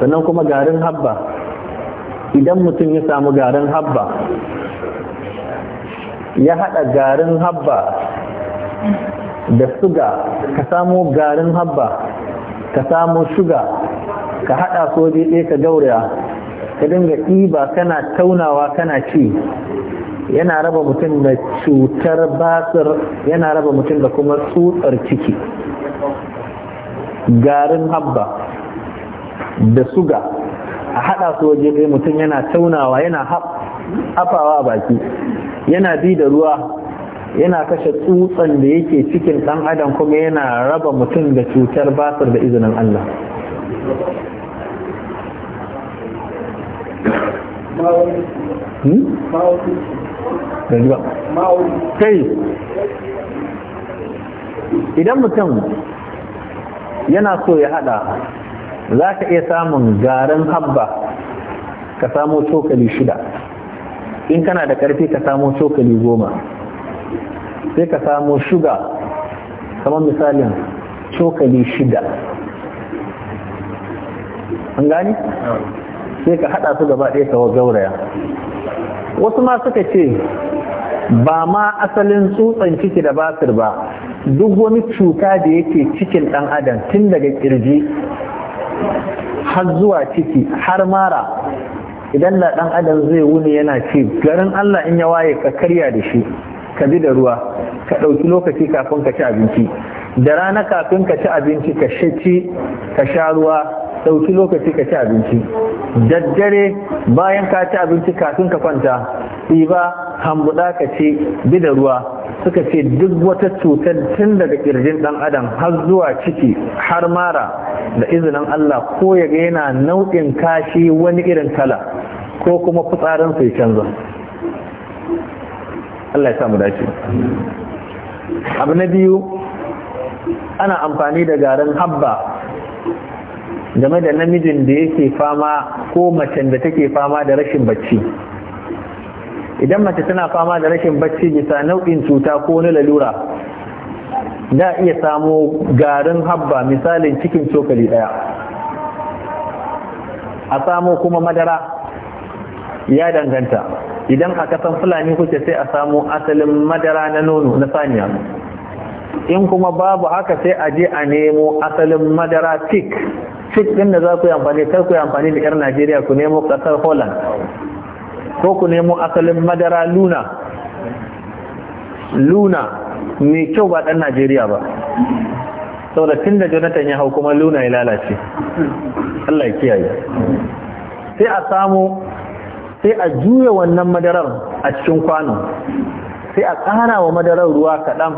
sannan kuma garin habba idan mutum ya samu garin habba ya haɗa garin habba da suga ka samu garin habba ka samu shuga ka haɗa soje ɗaya ka gauraya ka dinga ɗiba kana taunawa kana ci yana raba mutum da cutar basir yana raba mutum da kuma tsutsar ciki garin habba da suga a haɗa su waje ɗaya mutum yana taunawa yana hafawa a baki yana bi da ruwa yana kashe tsutsan da yake cikin ɗan adam kuma yana raba mutum da cutar basir da izinin Allah hmm? kai idan mutum yana so ya hada za ka iya samun garin habba ka samo cokali shida in kana da karfi ka samo cokali goma sai ka samo shuga kamar misalin cokali shida an gani sai ka hada su gaba ɗaya ka gauraya wasu ma suka ce ba ma asalin tsutsan ciki da basir ba duk wani cuta da yake cikin ɗan adam tun daga kirji har zuwa ciki har mara idan da dan adam zai wuni yana ci garin allah in ya waye ka karya da shi ka bi da ruwa ka ɗauki lokaci kafin ka ci abinci da rana kafin ka ci abinci ka shaci ka sha ruwa ɗauki lokaci ka ci abinci daddare bayan ka ci abinci kafin ka kwanta ɗiba hambuɗa ka ci bi da ruwa suka ce duk wata cutar tun daga ƙirjin ɗan adam har zuwa ciki har mara da izinin Allah ko ya ga yana nau'in kashi wani irin kala ko kuma fitsarin sai canza Allah ya samu dace abu na biyu ana amfani da garin habba game da namijin da yake fama ko macen da take fama da rashin bacci idan mace tana fama da rashin bacci bisa nau'in cuta ko na lalura za a iya samo garin habba misalin cikin cokali daya a samo kuma madara ya danganta idan a kasan fulani kuke sai a samo asalin madara na nono na saniya in kuma babu haka sai a je a nemo asalin madara tik tik din da za ku yi amfani kar ku yi amfani da yar najeriya ku nemo kasar holland ko ku nemo asalin madara luna luna mai kyau ba dan najeriya ba saboda tun da jonathan ya hau kuma luna ya lalace allah ya kiyaye sai a samu sai a juya wannan madarar a cikin kwano sai a ƙara wa madarar ruwa kaɗan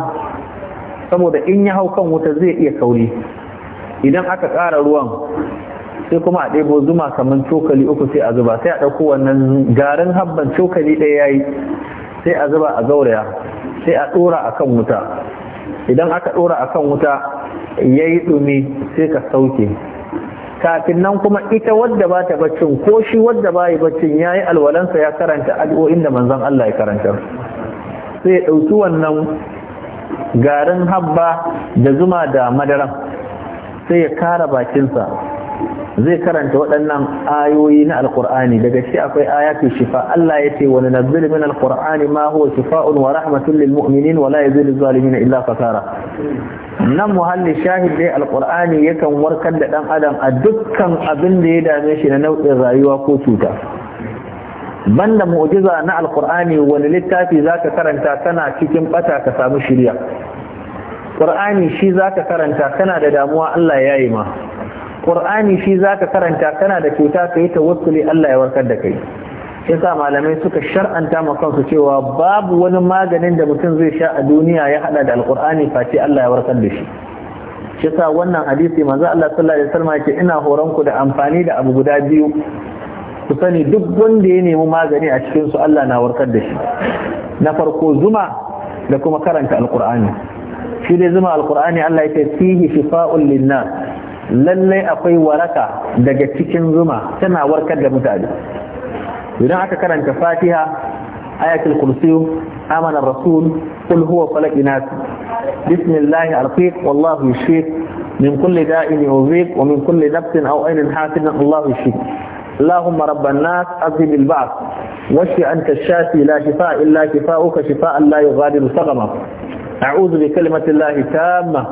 saboda in ya hau kan wuta zai iya kauri idan aka ƙara ruwan sai kuma a ɗebo zuma kamar cokali uku sai a zuba sai a ɗauko wannan garin habban cokali ɗaya ya yi. sai a zuba a gauraya sai a ɗora a kan wuta idan aka ɗora a kan wuta ya yi ɗumi sai ka sauke kafin nan kuma ita wadda ba ta baccin ko shi wadda ba yi baccin ya yi alwalansa ya karanta addu'o'in da manzon Allah ya karanta sai ya ɗauki wannan garin habba da zuma da madara sai ya kara bakinsa zai karanta waɗannan ayoyi na alkur'ani daga shi akwai ayatul shifa Allah ya ce wani nazzil min alkur'ani ma huwa shifa'un wa rahmatun lil mu'minin wa la yazidu zalimin illa fasara nan muhalli shahid dai alkur'ani yakan warkar da dan adam a dukkan abin da ya dame shi na nau'in rayuwa ko cuta banda mu'jiza na alqur'ani wani littafi zaka karanta kana cikin bata ka samu shirya qur'ani shi zaka karanta kana da damuwa Allah ya yi ma qur'ani shi zaka karanta kana da cuta kai tawakkuli Allah ya warkar da kai yasa malamai suka shar'anta ma kansu cewa babu wani maganin da mutum zai sha a duniya ya hada da alqur'ani face Allah ya warkar da shi yasa wannan hadisi manzo Allah sallallahu alaihi wasallam yake ina horon ku da amfani da abu guda biyu ku sani duk wanda ya nemi magani a cikin su Allah na warkar da shi na farko zuma da kuma karanta alkur'ani shi dai zuma alkur'ani Allah yake fihi shifa'un linnas lallai akwai waraka daga cikin zuma tana warkar da mutane idan aka karanta fatiha ayatul kursiyu amana rasul qul huwa falaq nas bismillah arqiq wallahu min kulli da'in yuziq wa min kulli nafsin aw aynin hasidin Allahu اللهم رب الناس أذهب البعث واشف أنت الشافي لا شفاء إلا شفاؤك شفاء لا يغادر سقما أعوذ بكلمة الله تامة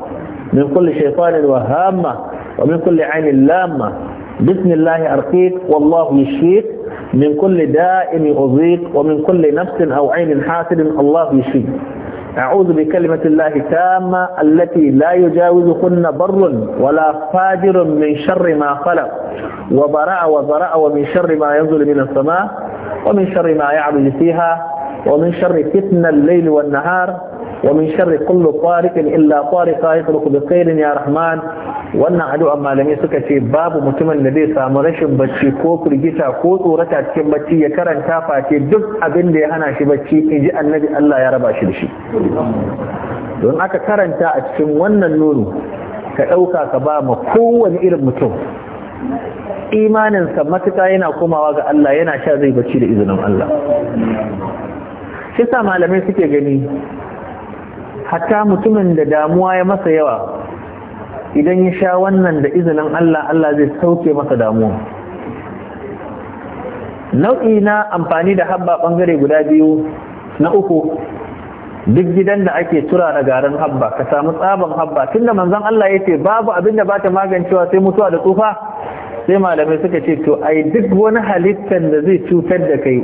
من كل شيطان وهامة ومن كل عين لامة بسم الله أرقيك والله يشفيك من كل داء أضيق ومن كل نفس أو عين حاسد الله يشفيك أعوذ بكلمة الله تامة التي لا كن بر ولا فاجر من شر ما خلق وبرع وضرع ومن شر ما ينزل من السماء ومن شر ما يعبد فيها ومن شر فتن الليل والنهار ومن شر كل طارق illa طارق يخلق بخير يا رحمن wannan addu'a malamai suka ce babu mutumin da zai samu rashin bacci ko firgita ko tsorata cikin bacci ya karanta face duk abin da ya hana shi bacci in ji annabi Allah ya raba shi da shi don aka karanta a cikin wannan nuru ka ɗauka ka ba ma kowane irin mutum imaninsa matuka yana komawa ga Allah yana sha zai bacci da izinin Allah shi sa malamai suke gani hatta mutumin da damuwa ya masa yawa idan ya sha wannan da izinin Allah Allah zai sauke masa damuwa nau'i na amfani da habba bangare guda biyu na uku duk gidan da ake tura da garin habba ka samu tsaban habba tunda manzon Allah ya ce babu abin da bata magancewa sai mutuwa da tsufa sai malamai suka ce to ai duk wani halittar da zai cutar da kai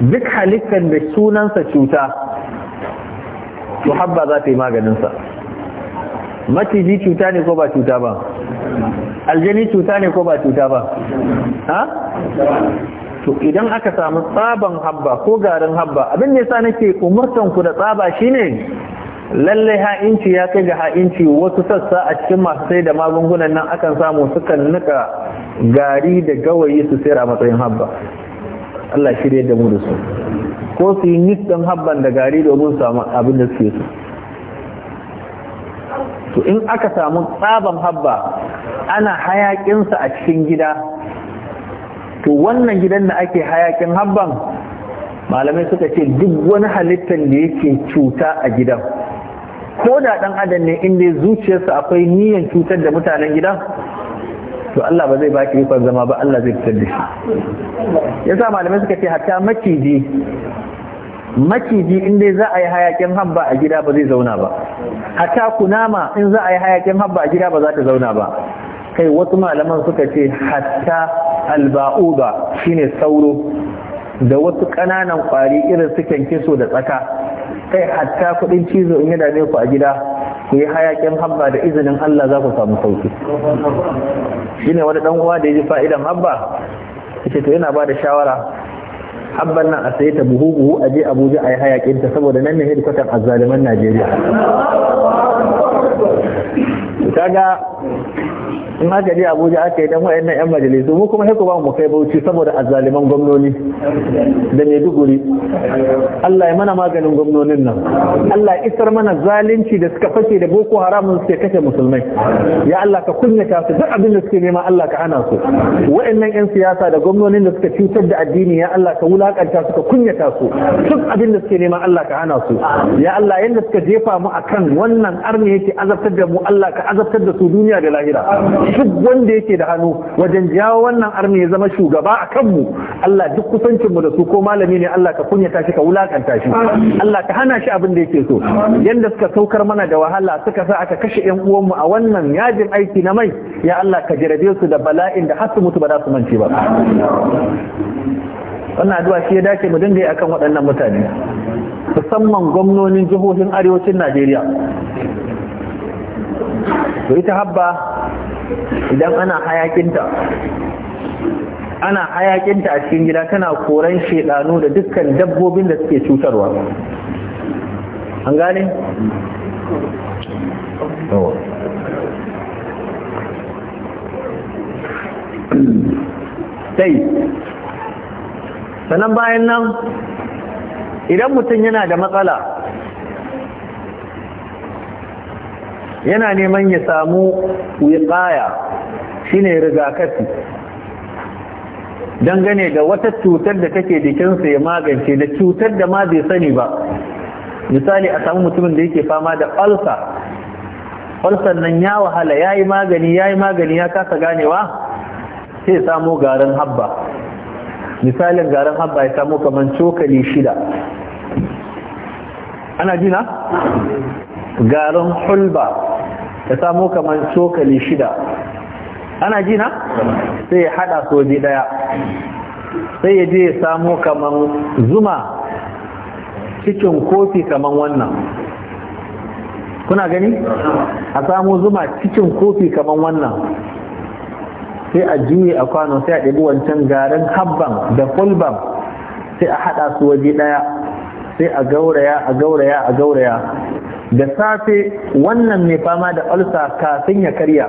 duk halittar da sunansa cuta to habba za ta yi maganin sa, maciji cuta ne ko ba cuta ba aljani cuta ne ko ba cuta ba ha to idan aka samu tsaban habba ko garin habba abin da sa nake umurtan ku da tsaba shine lallai ha'inci ya kai ga ha'inci wasu sassa a cikin masu sai da magungunan nan akan samu sukan nika gari da gawayi su sayar a matsayin habba Allah shirye da mu da su ko su yi nisan habban da gari domin samu abin da suke su to in aka samu tsaban habba ana hayakinsa a cikin gida to wannan gidan da ake hayakin habban malamai suka ce duk wani halittar da yake cuta a gidan ko da ɗan adam ne inda zuciyarsa akwai niyan cutar da mutanen gidan to Allah ba zai baki ki zama ba Allah zai fitar da shi yasa malamai suka ce hatta maciji maciji in dai za a yi hayakin habba a gida ba zai zauna ba hatta kunama in za a yi hayakin habba a gida ba za ta zauna ba kai wasu malaman suka ce hatta alba'uba shine sauro da wasu ƙananan ƙwari irin su kyankyaso da tsaka kai hatta kuɗin cizo in ya dame ku a gida ku yi hayakin habba da izinin Allah za ku samu sauki ne wani dan uwa da ya ji fa'idan habba yace to yana ba da shawara habban nan a sai ta buhu buhu a je abuja a yi hayakin ta saboda nan ne a azzaliman najeriya kaga in haka je abuja aka yi dan wayannan yan majalisu mu kuma heku ba mu kai bauchi saboda azzaliman gwamnoni da duguri. Allah ya mana maganin gwamnonin nan Allah isar mana zalunci da suka fake da boko haramun suke kashe musulmai ya Allah ka kunyata su duk abin da suke nema Allah ka hana su wayannan yan siyasa da gwamnonin da suka cutar da addini ya Allah ka wula wulakanta suka kunyata su duk abin da suke neman Allah ka hana su ya Allah yanda suka jefa mu akan wannan arni yake azabtar da mu Allah ka azabtar da su duniya da lahira duk wanda yake da hannu wajen jawo wannan arni ya zama shugaba a kanmu Allah duk kusancin mu da su ko malami ne Allah ka kunyata shi ka wulakanta shi Allah ka hana shi abin da yake so yanda suka saukar mana da wahala suka sa aka kashe yan uwanmu a wannan yajin aiki na mai ya Allah ka jarabe su da bala'in da har su mutu ba za su mance ba wannan addu'a shi ya dace mu dinga yi akan waɗannan mutane musamman gwamnonin jihohin arewacin Najeriya to ita habba idan ana hayakinta ana hayakinta a cikin gida tana koran shedanu da dukkan dabbobin da suke cutarwa an gane? sai sannan bayan nan idan mutum yana da matsala yana neman ya samu wiƙaya shine rigakafi dangane da wata cutar da take jikinsa ya magance da cutar da ma bai sani ba misali a samu mutumin da yake fama da alsa ulcer nan ya wahala ya yi magani ya magani ya kasa ganewa sai samo garin habba misalin garin habba ya samu kamar cokali shida ana jina garin hulba ya samu kamar cokali shida ana jina sai ya hada soji daya sai ya je ya samu kamar zuma cikin kofi kamar wannan kuna gani a samu zuma cikin kofi kamar wannan sai a juye a kwano sai a ɗabi wancan garin habban da fulban sai a haɗa su waje ɗaya sai a gauraya a gauraya a gauraya da safe wannan mai fama da ulsa kafin ya karya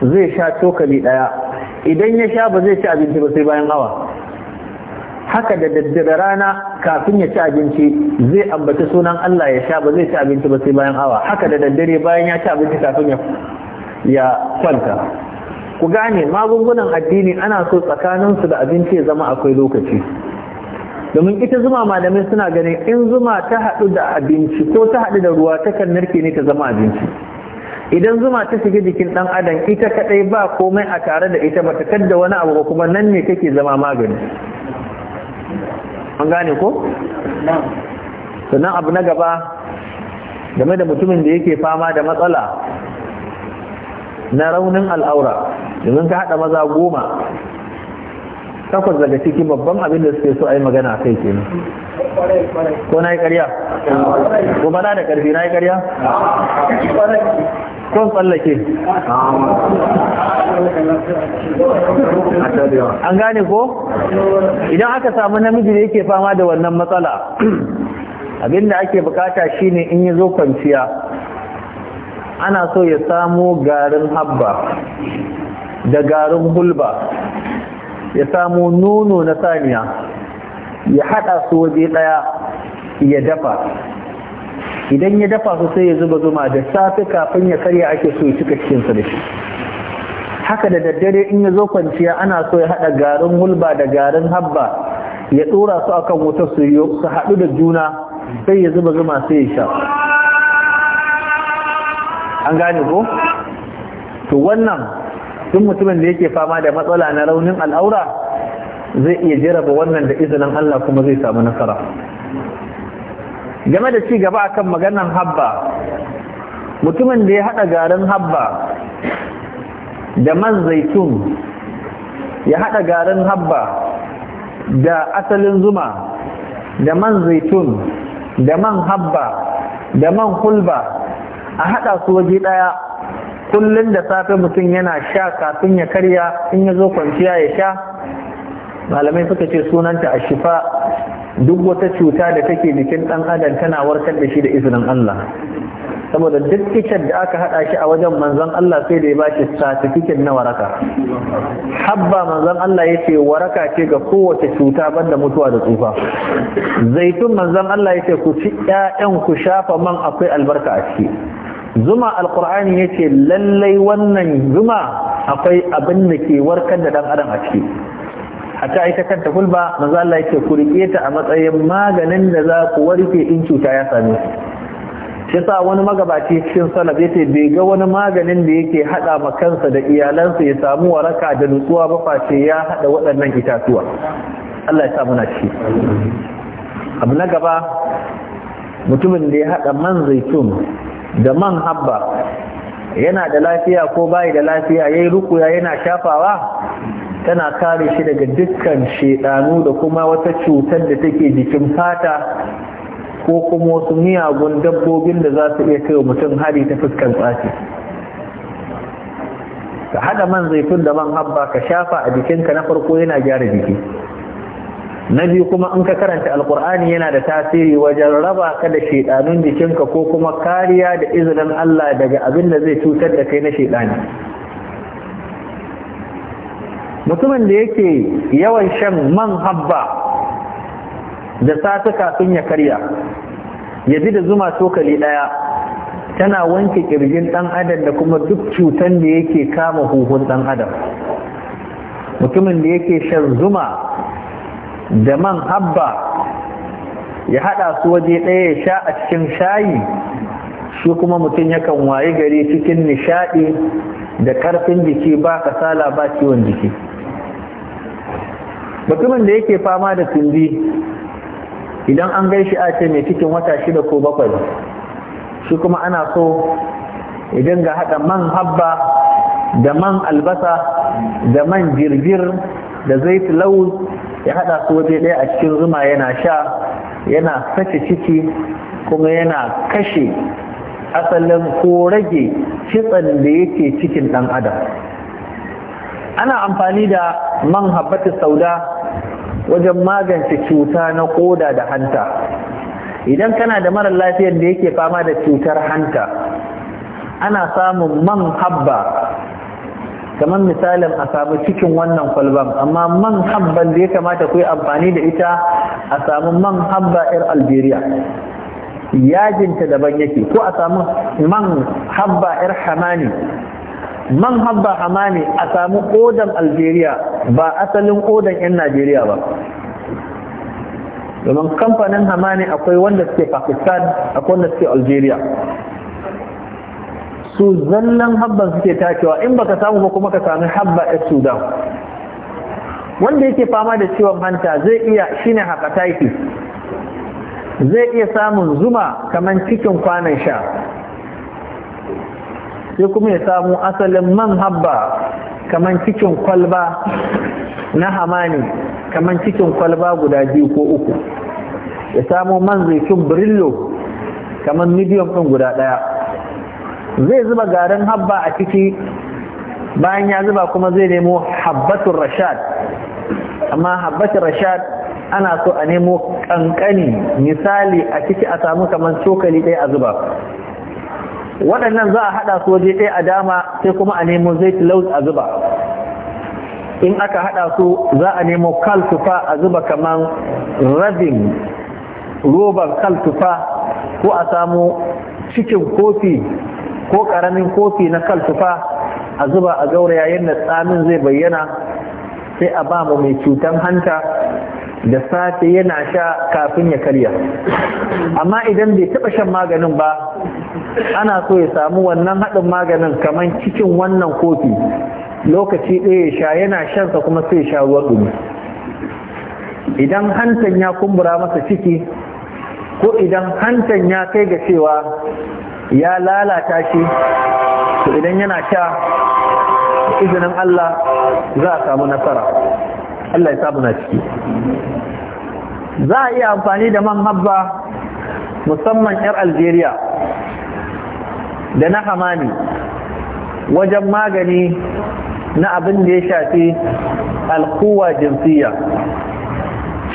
zai sha cokali ɗaya idan ya sha ba zai ci abinci ba sai bayan awa haka da daddare rana kafin ya ci abinci zai ambaci sunan Allah ya sha ba zai ci abinci ba sai bayan awa haka da daddare bayan ya ci abinci kafin ya kwanta ku gane magungunan addini ana so tsakanin su da abinci ya zama akwai lokaci domin ita zuma malamai suna ganin in zuma ta haɗu da abinci ko ta haɗu da ruwa ta kan narke ne ta zama abinci idan zuma ta shiga jikin ɗan adam ita kaɗai ba komai a tare da ita ba ta kadda wani abu ba kuma nan ne kake zama magani an gane ko? sannan abu na gaba game da mutumin da yake fama da matsala na raunin al'aura domin ka haɗa maza goma takwas daga ciki babban abin da suke so a yi magana kai ke ne ko na yi ƙarya ko bada da ƙarfi na yi ƙarya ko tsallake an gane ko idan aka samu namiji da yake fama da wannan matsala abinda da ake bukata shine in yi zo kwanciya ana so ya samo garin habba da garin hulba ya samo nono na saniya ya hada su waje daya ya dafa idan ya dafa su sai ya zuba zuma da safe kafin ya karya ake so ya cika cikinsa da shi haka da daddare in ya zo kwanciya ana so ya hada garin hulba da garin habba ya dora su akan wuta su haɗu da juna sai ya zuba zuma sai ya sha an gane ko to wannan duk mutumin da yake fama da matsala na raunin al'aura zai iya jaraba wannan da izinin Allah kuma zai samu nasara game da ci gaba akan maganan habba mutumin da ya hada garin habba da man zaitun ya hada garin habba da asalin zuma da man zaitun da man habba da man hulba a haɗa su waje ɗaya kullum da safe mutum yana sha kafin ya karya in ya zo kwanciya ya sha malamai suka ce sunanta a shifa duk wata cuta da take jikin ɗan adam tana warkar da shi da izinin Allah saboda duk kicin da aka haɗa shi a wajen manzon Allah sai da ya bashi satifikin na waraka habba manzon Allah ya ce waraka ce ga kowace cuta banda mutuwa da tsufa zaitun manzon Allah ya ce ku ci 'ya'yan ku shafa man akwai albarka a ciki zuma alkur'ani ya ce lallai wannan zuma akwai abin da ke warkar da dan adam a ciki a ta ita kanta hulba manzo Allah yake ku rike ta a matsayin maganin da za ku warke in cuta ya same ku shi sa wani magabaci cikin salaf da bai ga wani maganin da yake hada ma kansa da iyalansa ya samu waraka da nutsuwa ba face ya hada waɗannan itatuwa Allah ya sa muna ci abu na gaba mutumin da ya hada man zaitun da man habba yana da lafiya ko bayi da lafiya yayi rukuya yana shafawa tana kare shi daga dukkan shedanu da kuma wata cutar da take jikin fata ko kuma wasu miyagun dabbobin da za su iya kai mutum hari ta fuskan tsaki. ka haɗa man zaitun da man habba ka shafa a jikinka na farko yana gyara jiki na biyu kuma in ka karanta alkur'ani yana da tasiri wajen raba ka da shaidanun jikinka ko kuma kariya da izinin Allah daga abin da zai cutar da kai na shaidani mutumin da yake yawan shan man habba da safe kafin ya karya ya ji da zuma tokali ɗaya tana wanke kirgin ɗan adam da kuma duk cutan da yake kama huhun ɗan adam mutumin da yake shan zuma da man habba ya haɗa su waje ɗaya ya sha a cikin shayi shi kuma mutum yakan waye gari cikin nishaɗi da ƙarfin jiki ba kasala ba ciwon jiki mutumin da yake fama da tumbi idan an gaishi a ce mai cikin wata shida ko bakwai shi kuma ana so idan ga haɗa man habba da man albasa da man jirgir da zaitun lauz ya haɗa su waje ɗaya a cikin zuma yana sha yana sace ciki kuma yana kashe asalin ko rage kitsan da yake cikin ɗan adam ana amfani da man habbatu sauda wajen magance cuta na koda da hanta idan kana da marar lafiyar da yake fama da cutar hanta ana samun man habba kamar misalin a samu cikin wannan kwalban amma man habban da ya kamata ku yi amfani da ita a samu man habba 'yar algeria yajinta daban yake ko a samu man habba 'yar hamani man habba hamani a samu odan algeria ba asalin odan 'yan najeriya ba domin kamfanin hamani akwai wanda suke pakistan akwai wanda suke algeria su zallan habban suke takewa in baka samu ba kuma ka sami habba a sudan wanda yake fama da ciwon hanta zai iya shine hepatitis zai iya samun zuma kamar cikin kwanan sha sai kuma ya samu asalin man habba kamar cikin kwalba na hamani kamar cikin kwalba guda biyu ko uku ya samu man rikin birillo kamar medium ɗin guda ɗaya zai zuba garin habba a ciki bayan ya zuba kuma zai nemo habbatun rashad amma habbatun rashad ana so a nemo kankani misali a ciki a samu kamar cokali ɗaya a zuba waɗannan za a haɗa su waje ɗaya a dama sai kuma a nemo zai tilaus a zuba in aka haɗa su za a nemo kaltufa a zuba kamar rabin roban kaltufa ko a samu cikin kofi ko karamin kofi na kaltufa a zuba a gauraya yadda tsamin zai bayyana sai a ba mu mai cutan hanta da safe yana sha kafin ya karya amma idan bai taɓa shan maganin ba ana so ya samu wannan haɗin maganin kamar cikin wannan kofi lokaci ɗaya sha yana shansa kuma sai sha ruwan ɗumi idan hantan ya kumbura masa ciki ko idan hantan ya kai ga cewa ya lalata shi to idan yana sha izinin Allah za a samu nasara Allah ya samu na ciki za a iya amfani da man habba musamman 'yar Algeria da na hamani wajen magani na abin da ya shafi alkuwa jinsiya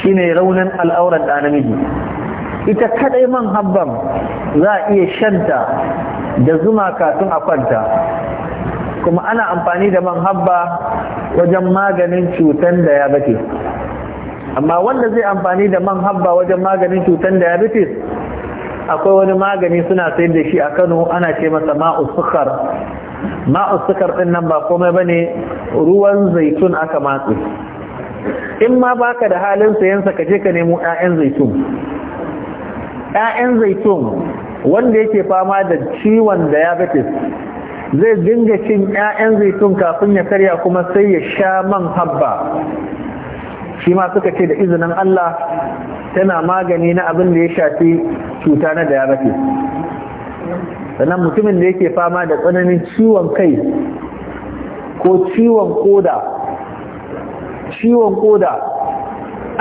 shine raunin al'aurar namiji ita kadai man habban za a iya shanta da zuma kafin a kwanta kuma ana amfani da man habba wajen maganin cutan diabetes amma wanda zai amfani da man habba wajen maganin cutan diabetes akwai wani magani suna sayar da shi a kano ana ce masa ma'us sukar din nan ba komai bane ruwan zaitun aka matse in ma baka da halin sayansa ka je ka nemo 'ya'yan zaitun 'ya'yan zaitun wanda yake fama da ciwon diabetes zai dinga cin 'ya'yan zaitun kafin ya karya kuma sai ya sha man habba shi ma suka ce da izinin Allah tana magani na abin da ya shafi cuta na diabetes sannan mutumin da yake fama da tsananin ciwon kai ko ciwon koda ciwon koda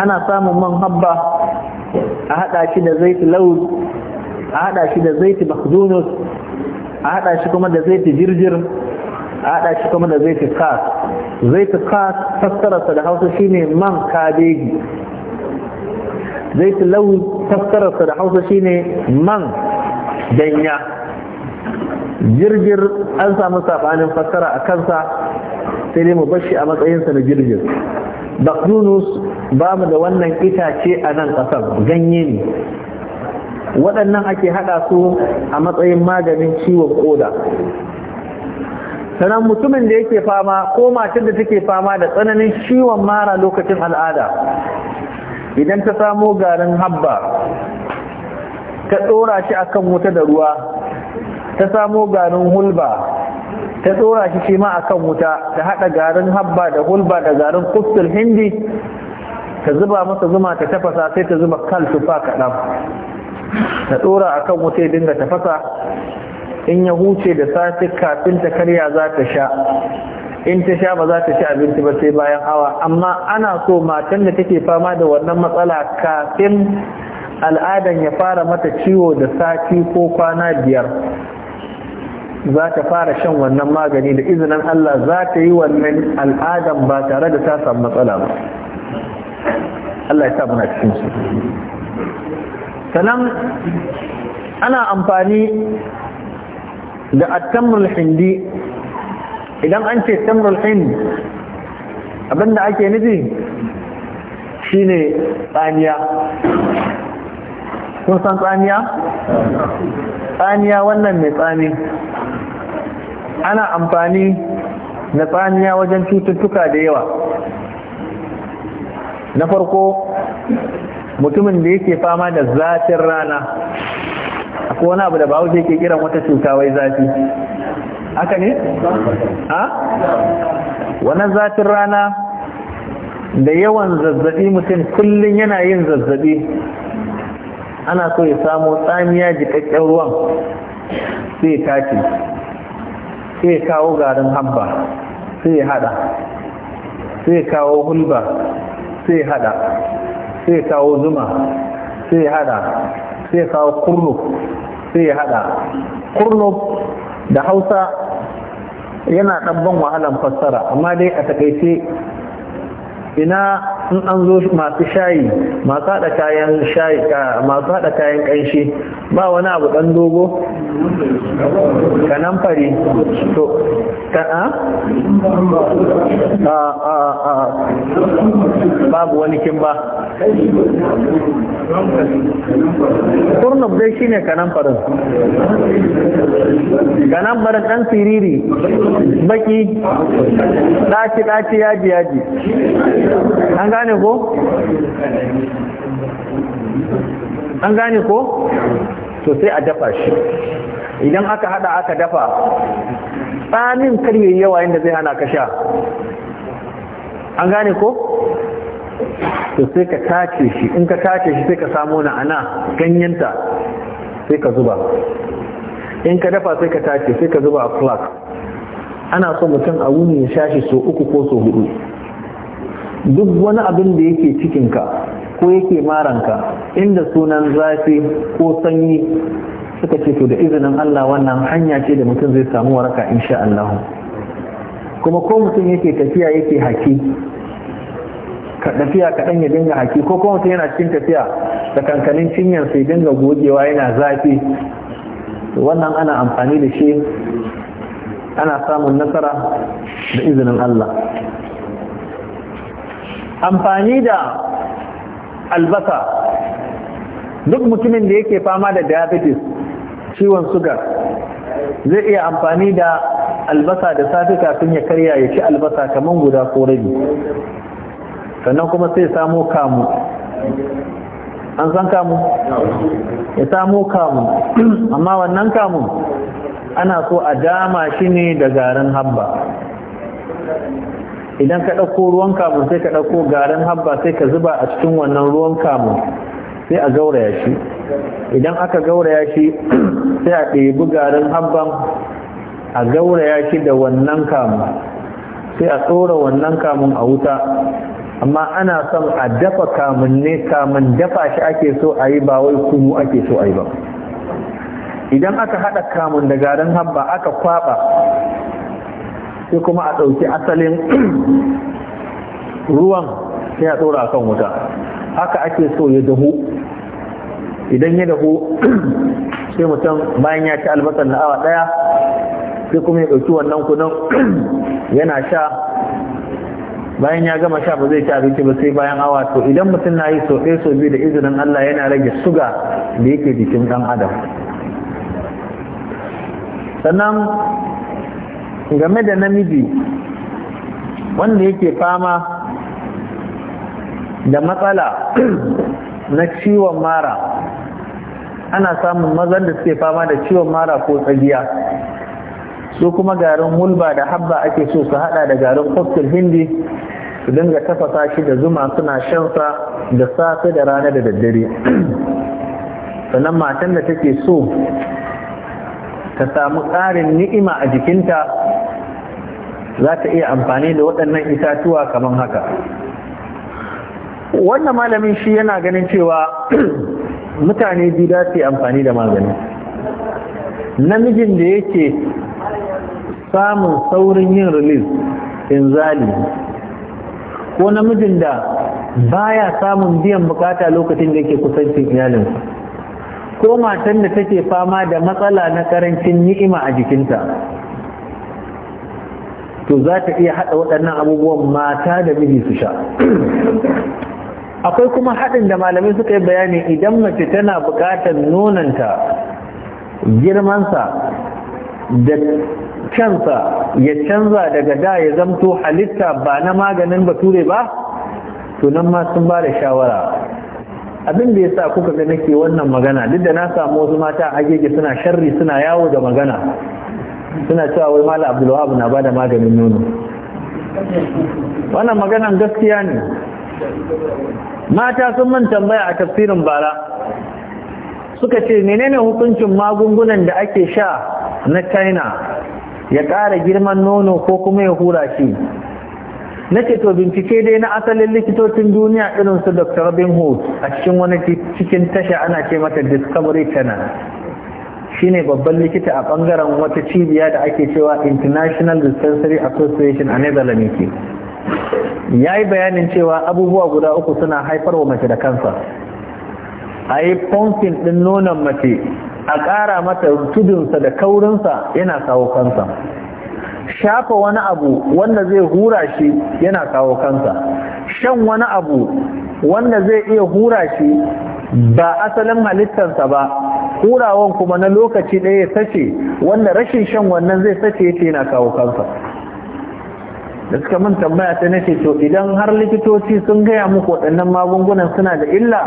ana samun man habba a haɗa shi da zaiti lauz a haɗa shi da zaiti bakdunus a haɗa shi kuma da zaiti jirjir a haɗa shi kuma da zaiti kas zaiti kas fassararsa da hausa shine man kabeji zaiti lauz fassararsa da hausa shine man danya jirgin an samu sabanin fassara a kansa sai dai mu bashi a matsayinsa na girgir bakdunus ba mu da wannan itace a nan ƙasar ganye ne waɗannan ake haɗa su a matsayin maganin ciwon ƙoda Sanan mutumin da yake fama ko matar da take fama da tsananin ciwon mara lokacin al'ada idan ta samo garin habba ta ɗora shi akan wuta da ruwa ta samo garin hulba ta tsora shi shi ma akan wuta ta haɗa garin habba da hulba da garin kustul hindi ta zuba masa zuma ta tafasa sai ta zuba kal tufa kaɗan ta tsora kan wuta ya dinga tafasa in ya huce da sati kafin ta karya za ta sha in ta sha ba za ta ci abinci ba sai bayan hawa amma ana so matan da take fama da wannan matsala kafin al'adan ya fara mata ciwo da sati ko kwana biyar za ta fara shan wannan magani da izinin Allah za ta yi wannan al'adan ba tare da ta samu matsala ba Allah ya sa muna cikin su sannan ana amfani da attamrul hindi idan an ce tamrul hindi abinda ake nufi shine tsaniya kun san tsamiya? tsamiya wannan mai tsami ana amfani da tsamiya wajen cututtuka da yawa na farko mutumin da yake fama da zafin rana akwai wani abu da ba wuce ke kiran wata cuta wai zafi haka ne? ha? wannan zafin rana da yawan zazzabi mutum kullum yana yin zazzabi ana so ya samo tsamiya jikakken ruwan sai ya tace sai ya kawo garin habba sai ya hada sai ya kawo hulba sai ya hada sai ya kawo zuma sai ya hada sai ya kawo kurnu sai ya hada kurnu da hausa yana ɗabban wahalan fassara amma dai a takaice ina in an zo masu shayi masu haɗa kayan shayi masu haɗa kayan ƙanshi ba wani abu ɗan dogo kanan fari to ka a a a babu wani kin ba turnip dai shine kanan farin kanan farin ɗan siriri baki ɗaci ɗaci yaji yaji an gane ko an gane ko to sai a dafa shi idan aka hada aka dafa tsanin karye yawa yadda zai hana ka sha an gane ko to sai ka tace shi in ka tace shi sai ka samo na ana ganyenta sai ka zuba in ka dafa sai ka tace sai ka zuba a flask ana so mutum a wuni ya sha shi so uku ko so hudu duk wani abin da yake cikinka ko yake maranka inda sunan zafi ko sanyi suka ce to da izinin Allah wannan hanya ce da mutum zai samu waraka insha Allah kuma ko mutum yake tafiya yake haki ka tafiya kaɗan ya dinga haki ko kuma mutum yana cikin tafiya da kankanin cinyar sai dinga gogewa yana zafi wannan ana amfani da shi ana samun nasara da izinin Allah amfani da albasa duk mutumin da yake fama da diabetes ciwon suga, zai iya amfani da albasa da safi kafin ya karya ya ci albasa kaman guda ko rabi sannan kuma sai samo kamu an san kamu ya samo kamu amma wannan kamu ana so a dama shi ne da garin hamba idan ka ɗauko ruwan kamun sai ka ɗauko garin habba sai ka zuba a cikin wannan ruwan kamun sai a gauraya shi idan aka gauraya shi sai a ɗebi garin habban a gauraya shi da wannan kamun. sai a tsora wannan kamun a wuta amma ana son a dafa kamun ne kamun dafa shi ake so a yi ba wai kumu ake so a yi ba idan aka haɗa kamun da garin habba aka kwaɓa. sai kuma a ɗauki asalin ruwan sai a kan wuta haka ake so ya dahu idan ya dahu sai mutum bayan ya ci albasar na awa ɗaya sai kuma ya ɗauki wannan kunun yana sha bayan ya gama sha ba zai ci abinci ba sai bayan awa to idan mutum na yi so ɗaya so biyu da izinin Allah yana rage suga da yake jikin ɗan adam sannan game da namiji wanda yake fama da matsala na ciwon mara ana samun mazan da suke fama da ciwon mara ko tsagiya su kuma garin hulba da habba ake so su hada da garin koftil hindi su dinga tafasa shi da zuma suna shansa da safe da rana da daddare sannan matan da take so ta samu tsarin ni'ima a jikinta za ta iya amfani da waɗannan itatuwa kamar haka wannan malamin shi yana ganin cewa mutane biyu za su yi amfani da magani namijin da yake samun saurin yin release zali, ko namijin da baya samun biyan bukata lokacin da yake kusancin iyalinsa ko matan da take fama da matsala na karancin ni'ima a jikinta to za ta iya haɗa waɗannan abubuwan mata da miji su sha akwai kuma haɗin da malamai suka yi bayani idan mace tana buƙatar nonanta girmansa da cansa ya canza daga da ya zamto halitta ba na maganin bature ba to nan ma sun ba da shawara abin da ya sa kuka ga nake wannan magana duk da na samu wasu mata a agege suna sharri suna yawo da magana suna cewa wai mala abdulwahab na bada maganin nono wannan maganan gaskiya ne mata sun man tambaya a tafsirin bara suka ce menene hukuncin magungunan da ake sha na china ya ƙara girman nono ko kuma ya hura shi na to bincike dai na asalin likitocin duniya irin su dr robin a cikin wani cikin tasha ana ce mata discovery channel Shi ne babban likita a bangaren wata cibiya da ake cewa international dispensary association a netherlands ke ya yi bayanin cewa abubuwa guda uku suna haifar wa mace da kansa a yi pumping ɗin nonon mace a ƙara mata tudunsa da kaurinsa yana kawo kansa shafa wani abu wanda zai hura shi yana kawo kansa shan wani abu wanda zai iya hura shi ba asalin halittarsa ba hurawan kuma na lokaci ɗaya ya sace wanda rashin shan wannan zai sace yake yana kawo kansa da suka mun tambaya ta nace to idan har likitoci sun gaya muku waɗannan magungunan suna da illa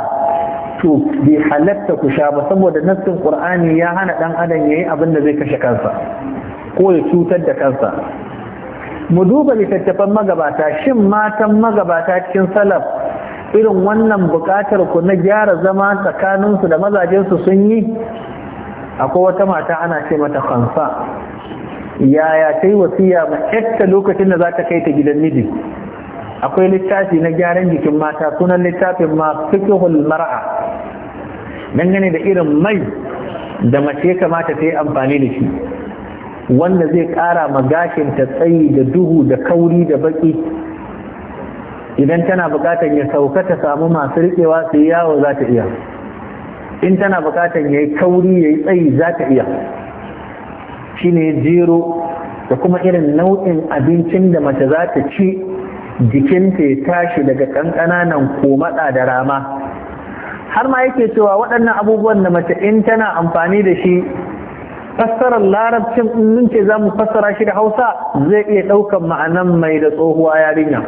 to bai halatta ku sha ba saboda nassin qur'ani ya hana dan adam yayi abin da zai kashe kansa ko ya cutar da kansa mu duba littattafan magabata shin matan magabata cikin salaf irin wannan bukatar ku na gyara zama tsakaninsu da mazajensu sun yi akwai wata mata ana ce mata kansa yaya ta yi wasiya ma yadda lokacin da za ta kai ta gidan miji akwai littafi na gyaran jikin mata sunan littafin ma fikihul mar'a dangane da irin mai da mace kamata ta yi amfani da shi wanda zai kara ma gashinta ta tsayi da duhu da kauri da baki idan tana bukatar ya sauka ta samu masu riƙewa su yawo za ta iya in tana bukatar ya yi kauri ya yi tsayi za ta iya shi ne jero da kuma irin nau'in abincin da mace za ta ci jikinta ya tashi daga nan ko matsa da rama har ma yake cewa waɗannan abubuwan da mace in tana amfani da shi fassarar larabcin in mun ce za mu fassara shi da hausa zai iya ɗaukan ma'anan mai da tsohuwa yarinya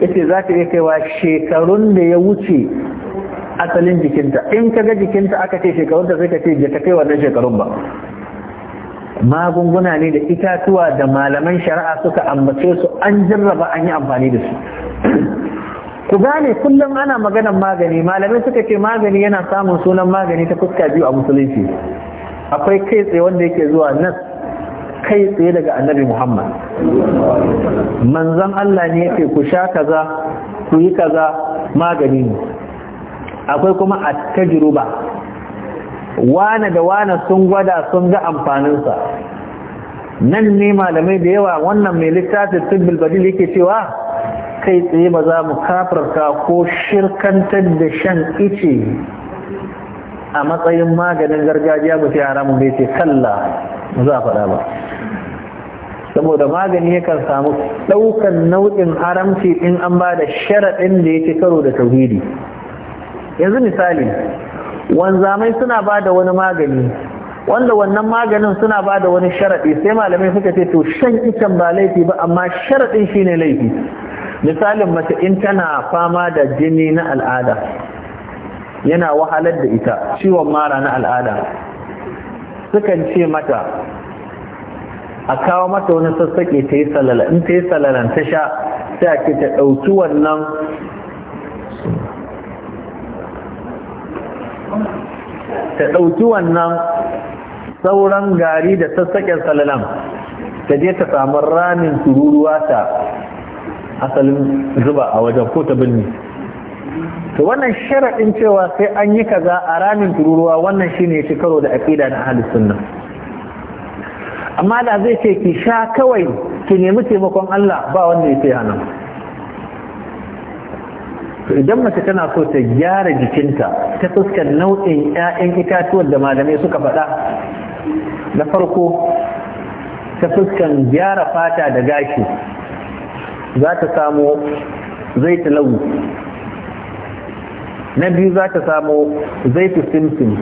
yace za ta iya kaiwa shekarun da ya wuce asalin jikinta in ka ga jikinta aka ce shekarun da zai ka ce ta kai wannan shekarun ba magunguna ne da itatuwa da malaman shari'a suka ambace su an jarraba an yi amfani da su ku gane kullum ana maganar magani malamai suka ce magani yana samun sunan magani ta fuska biyu a musulunci akwai kai tsaye wanda yake zuwa nas kai tsaye daga annabi Muhammad manzan Allah ne yake ku sha kaza ku yi kaza magani ne akwai kuma a tajruba wane da wane sun gwada sun ga amfaninsa nan ne malamai da yawa wannan mai littafin tibbil badil yake cewa kai tsaye ba mu kafarka ko shirkantar da shan ice a matsayin maganin gargajiya mu sai haramun bai ce kalla za a faɗa ba saboda magani yakan samu ɗaukan nau'in haramci in an ba da sharaɗin da yake karo da tauhidi yanzu misali wanzamai suna ba da wani magani wanda wannan maganin suna ba da wani sharaɗi sai malamai suka ce to shan ikan ba laifi ba amma sharaɗin shine laifi misalin mace in tana fama da jini na al'ada yana wahalar da ita ciwon mara na al'ada sukan ce mata a kawo mata wani sassaƙe ta yi salala in ta yi salalan ta sha sai a ce ta ɗauki wannan ta ɗauki wannan sauran gari da sassaƙen salalan ta je ta samu ramin tururuwa ta asalin zuba a wajen ko ta birni to wannan sharaɗin cewa sai an yi kaza a ramin tururuwa wannan shine ya shekaru da aƙida na ahlus sunna amma da zai ce ki sha kawai ki nemi taimakon Allah ba wanda ya ce hana to idan mace tana so ta gyara jikinta ta fuskar nau'in 'ya'yan itatuwan da malamai suka faɗa na farko ta fuskan gyara fata da gashi za ta samu ta lau na biyu za ta samu zaitu simsim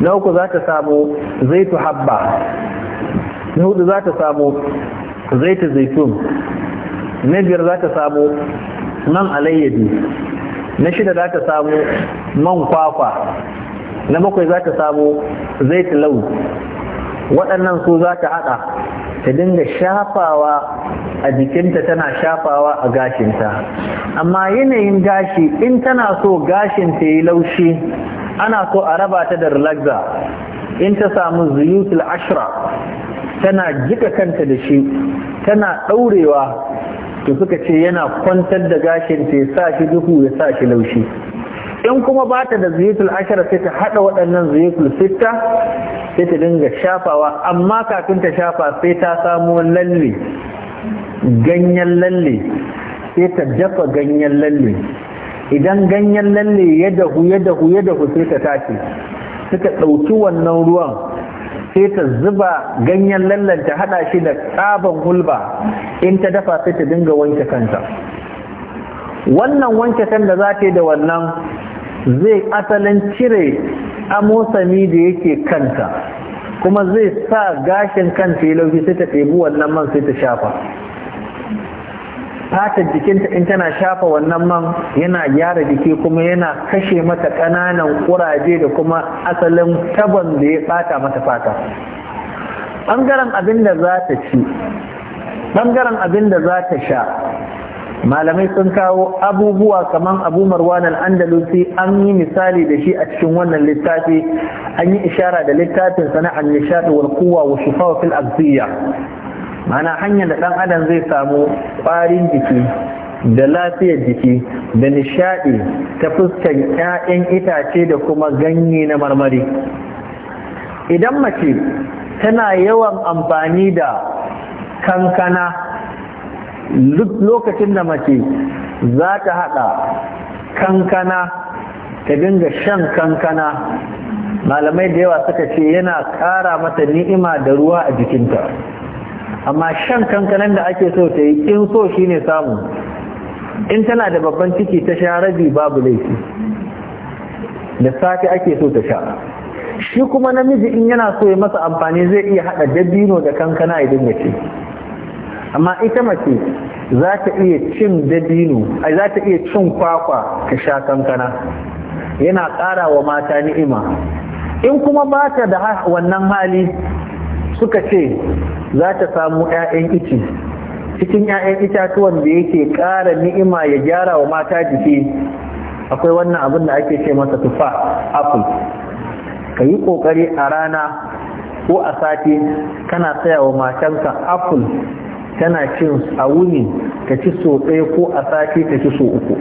na uku za ta samu zaitu habba na hudu za ta samu zaita zaitun na biyar za ta samu man alayyadi na shida za ta samu man kwakwa na bakwai za ta samu ta lau waɗannan su za ta haɗa ta dinga shafawa a jikinta tana shafawa a gashinta amma yanayin gashi in tana so gashinta ta yi laushi ana so a raba ta da relaxa in ta samu zuyutul ashra tana jika kanta da shi tana ɗaurewa to suka ce yana kwantar da gashin ta sa shi duhu ya sa shi laushi in kuma ba ta da ziyatul ashara sai ta haɗa waɗannan ziyatul sitta sai ta dinga shafawa amma kafin ta shafa sai ta samo lalle ganyen lalle sai ta dafa ganyen lalle idan ganyen lalle ya dahu ya dahu ya dahu sai ta tashi suka ɗauki wannan ruwan sai ta zuba ganyen ta hada shi da tsaban hulba in ta dafa sai ta dinga wanke kanta wannan wanke kan da za ta yi da wannan zai asalin cire amosani da yake kanta kuma zai sa gashin kanta ya lauki sai ta ɗebi wannan man sai ta shafa fatar jikinta in tana shafa wannan man yana gyara jiki kuma yana kashe mata ƙananan kuraje da kuma asalin taban da ya bata mata fata ɓangaren abin da za ta ci ɓangaren abin da za ta sha malamai sun kawo abubuwa kamar abu marwan al-andalusi an yi misali da shi a cikin wannan littafi an yi ishara da littafin sana'ar nishadi wal quwwa wa shifa fil mana hanyar da ɗan adam zai samu ƙwarin jiki da lafiyar jiki da nishaɗi ta fuskar 'ya'yan itace da kuma ganye na marmari idan mace tana yawan amfani da kankana lokacin da mace za ta haɗa kankana ta dinga shan kankana malamai da yawa suka ce yana ƙara mata ni'ima da ruwa a jikinta amma shan kankanan da ake so ta yi in so shi ne samu in tana da babban ciki ta sha rabi babu laifi da safe ake so ta sha shi kuma namiji in yana so ya masa amfani zai iya hada dabino da kankana idan ya ce amma ita mace za ta iya cin dabino ai za ta iya cin kwakwa ta sha kankana yana ƙara wa mata ni'ima in kuma ba ta da wannan hali suka ce za ta samu 'ya'yan iti cikin 'ya'yan itatuwan da yake ƙara ni'ima ya gyara wa mata jiki akwai wannan abin da ake ce masa tufa apple ka yi ƙoƙari a rana ko a sati kana saya wa matanka apple tana cin a wuni ta ci so ɗaya ko a sati ta ci so uku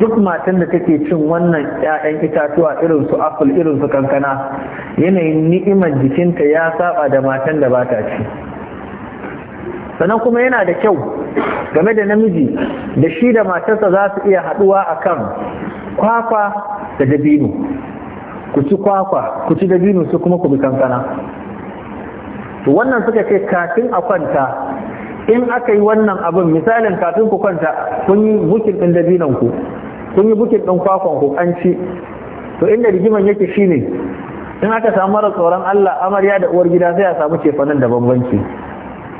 duk matan da take cin wannan 'ya'yan itatuwa irin su apple irin su kankana yanayin ni'imar jikinta ya saba da matan da ba ta ci sannan kuma yana da kyau game da namiji da shi da matarsa za su iya haɗuwa akan kwakwa da dabino ku ci kwakwa ku ci dabino su kuma ku bi kankana to wannan suka ce kafin a kwanta in aka yi wannan abin misalin kafin ku kwanta kun yi bukin ɗin dabinan ku sun yi bukin ɗin kwakwan hukanci to inda rigiman yake shine in aka samu mara tsoron Allah amarya da uwar gida sai a samu cefanen da bambanci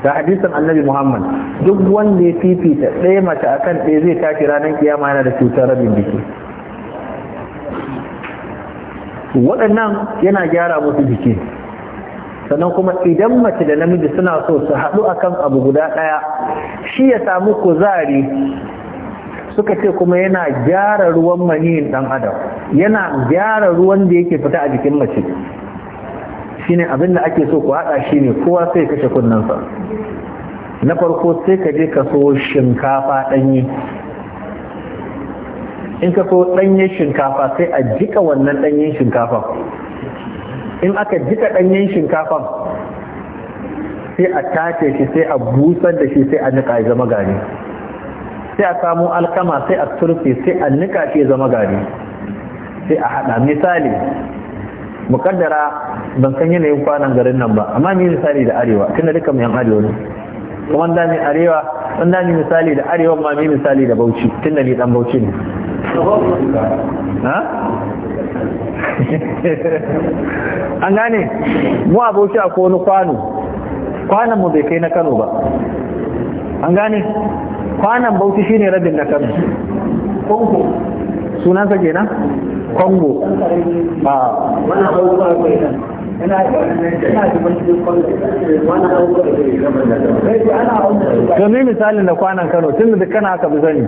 da hadisin annabi Muhammad duk wanda ya fifita ɗaya mace akan ɗaya zai tashi ranar kiyama yana da cutar rabin jiki waɗannan yana gyara musu jiki sannan kuma idan mace da namiji suna so su haɗu akan abu guda ɗaya shi ya samu kuzari suka ce kuma yana gyara ruwan maniyin ɗan adam yana gyara ruwan da yake fita a jikin mace shine abin da ake so ku haɗa shine kowa sai kashe kunnensa na farko sai ka je ka so shinkafa ɗanyi in ka so ɗanyen shinkafa sai a jika wannan ɗanyen shinkafa in aka jika ɗanyen shinkafa sai a tace shi sai a busar da shi sai a niƙa zama gani sai a samu alkama sai a turfe sai a nika ke zama gari sai a hada misali mukaddara ban san yanayin kwanan garin nan ba amma ni misali da arewa tunda duka mai yan arewa ne kuma da ni arewa dan da ni misali da arewa ma ni misali da Bauchi tunda ni dan Bauchi ne ha an gane mu a Bauchi a ko wani kwano kwanan mu bai kai na Kano ba an gane kwanan bauchi shine rabin na kano kongo sunansa nan kongo ah. a wani abubuwa kai domin misalin da kwanan kano tun da kana aka fi sani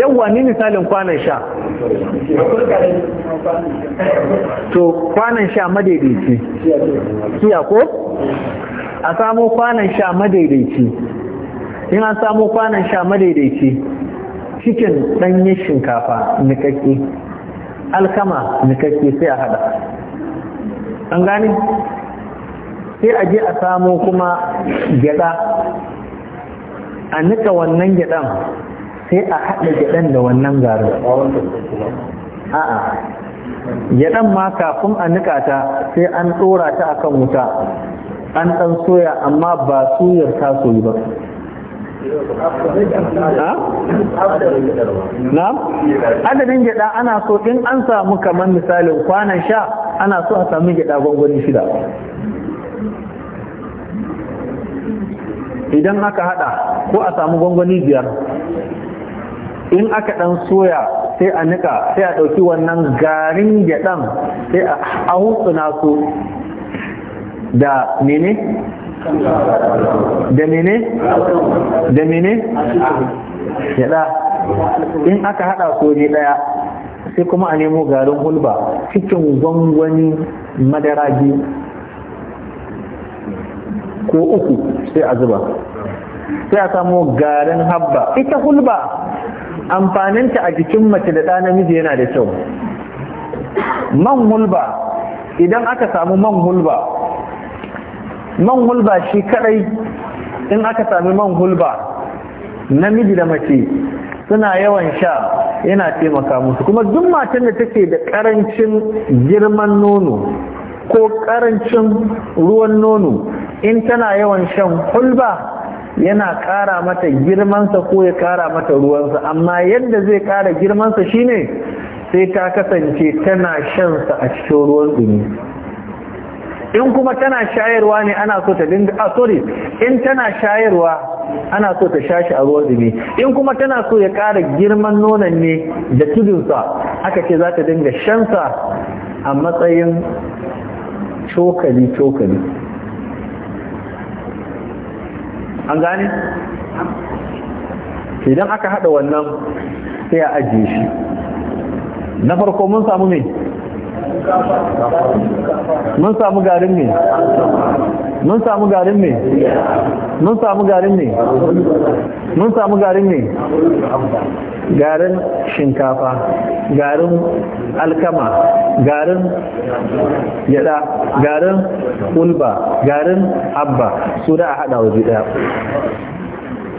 yawwa ni misalin kwanan sha to kwanan sha madaidaici Siya ko a samo kwanan sha madaidaici in an samo kwanan sha madaidaici cikin ɗanyen shinkafa nikakke alkama nikakke sai a hada an gane sai a je a samo kuma gyada a nika wannan gyadan sai a haɗa gyadan da wannan garin a'a gyadan ma kafin a nika ta sai an tsora ta akan wuta an ɗan soya amma ba suyar ta soyi ba na adadin gyaɗa ana so in an samu kamar misalin kwanan sha ana so a samu gyaɗa gwangwani shida idan aka haɗa ko a samu gwangwani biyar in aka ɗan soya sai a nika sai a ɗauki wannan garin gyaɗan sai a huntsuna su da nene? da nene? da mene yada in aka hada su ne daya sai kuma a nemo garin hulba cikin gwangwani madara biyu ko uku sai a zuba sai a samu garin habba ita hulba amfaninta a jikin mace da ɗa namiji yana da kyau man hulba idan aka samu man hulba man hulba shi kadai in aka sami man hulba namiji da mace suna yawan sha yana taimaka musu kuma duk matan da take da karancin girman nono ko karancin ruwan nono in tana yawan shan hulba yana kara mata girmansa ko ya kara mata ruwansa amma yadda zai kara girmansa shine sai ta kasance tana shansa a cikin ruwan dumi in kuma tana shayarwa ne ana so ta dinga a ah, sorry in tana shayarwa ana so ta sha shi a ruwan dumi in kuma tana so ya ƙara girman nonon ne da tudunsa aka ce za ta dinga shansa a matsayin cokali cokali an gane idan aka hada wannan sai a ajiye shi na farko mun samu ne mun samu garin ne mun samu garin ne mun samu garin ne mun samu garin ne garin shinkafa garin alkama garin yada garin ulba garin abba su da a hada waje daya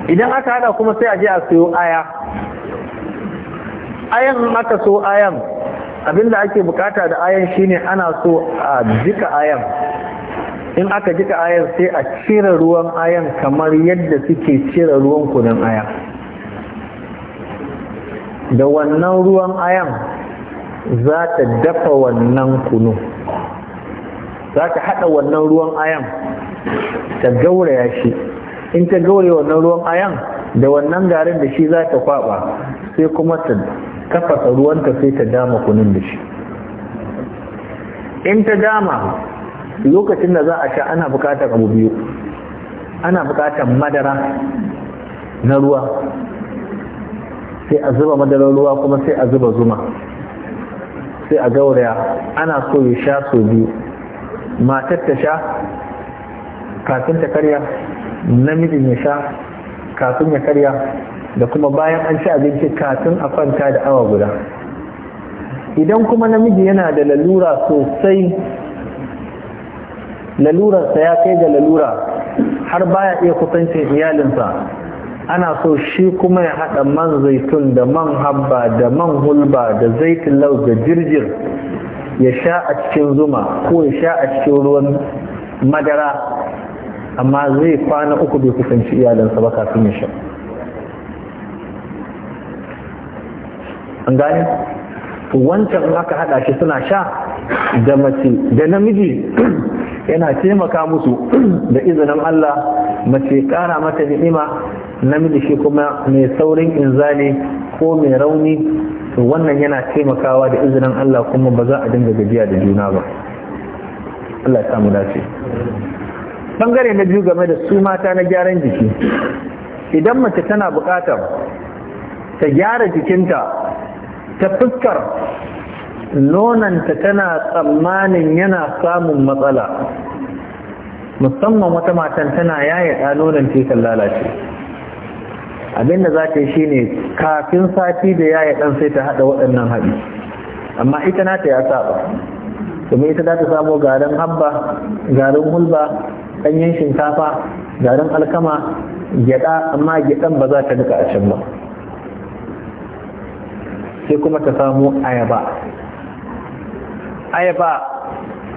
idan aka hada kuma sai a je a sayo aya ayan aka so ayan abinda ake bukata da ayan shine ana so a jika ayan in aka jika ayan sai a cire ruwan ayan kamar yadda suke cire ruwan kunan ayan da wannan ruwan ayan za ta dafa wannan kunu za ta haɗa wannan ruwan ayan ta gauraya shi in ta gauraya wannan ruwan ayan da wannan garin da shi za ta kwaba sai kuma ta tafasa ruwanta sai ta dama kunin da shi in ta dama lokacin da za a sha ana bukatar abu biyu ana bukatar madara na ruwa sai a zuba madarar ruwa kuma sai a zuba zuma sai a gauraya ana so ya sha so biyu matar ta sha kafin ta karya namijin ya sha kafin ya karya da kuma bayan an ci abinci kafin a kwanta da awa guda idan kuma namiji yana da lalura sosai lalurarsa ya kai da lalura har baya iya kusancin iyalinsa ana so shi kuma ya haɗa man zaitun da man habba da man hulba da zaitun lau da jirjir ya sha a cikin zuma ko ya sha a cikin ruwan madara amma zai kwana uku bai kusanci iyalinsa ba kafin ya sha an gane wancan aka haɗa shi suna sha da mace da namiji yana taimaka musu da izinin Allah mace kara mata ni'ima namiji shi kuma mai saurin inzali ko mai rauni to wannan yana taimakawa da izinin Allah kuma ba za a dinga gajiya da juna ba Allah ya samu dace bangare na biyu game da su mata na gyaran jiki idan mace tana bukatar ta gyara jikinta ta fuskar nonanta tana tsammanin yana samun matsala musamman wata matan tana yaya ɗa nonan kan lalace abinda za ta yi ne kafin sati da yaya ɗan sai ta haɗa waɗannan haɗi amma ita nata ya saba domin ita za ta samo garin habba garin hulba ɗanyen shinkafa garin alkama gyaɗa amma gyaɗan ba za ta duka a can ba sai kuma ta samu ayaba ayaba